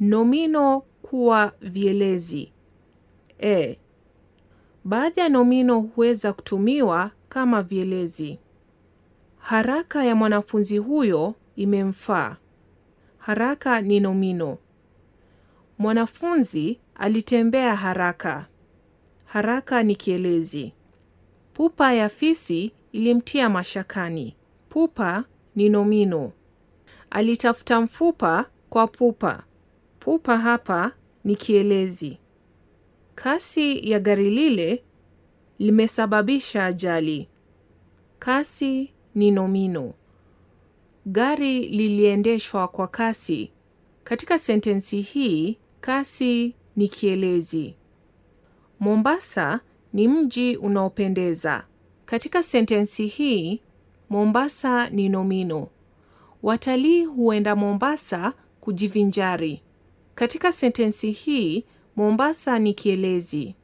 Nomino kuwa vielezi e. Baadhi ya nomino huweza kutumiwa kama vielezi: haraka ya mwanafunzi huyo imemfaa. Haraka ni nomino. Mwanafunzi alitembea haraka. Haraka ni kielezi. Pupa ya fisi ilimtia mashakani. Pupa ni nomino. Alitafuta mfupa kwa pupa. Pupa hapa ni kielezi. Kasi ya gari lile limesababisha ajali. Kasi ni nomino. Gari liliendeshwa kwa kasi. Katika sentensi hii, kasi ni kielezi. Mombasa ni mji unaopendeza. Katika sentensi hii, Mombasa ni nomino. Watalii huenda Mombasa kujivinjari. Katika sentensi hii Mombasa ni kielezi.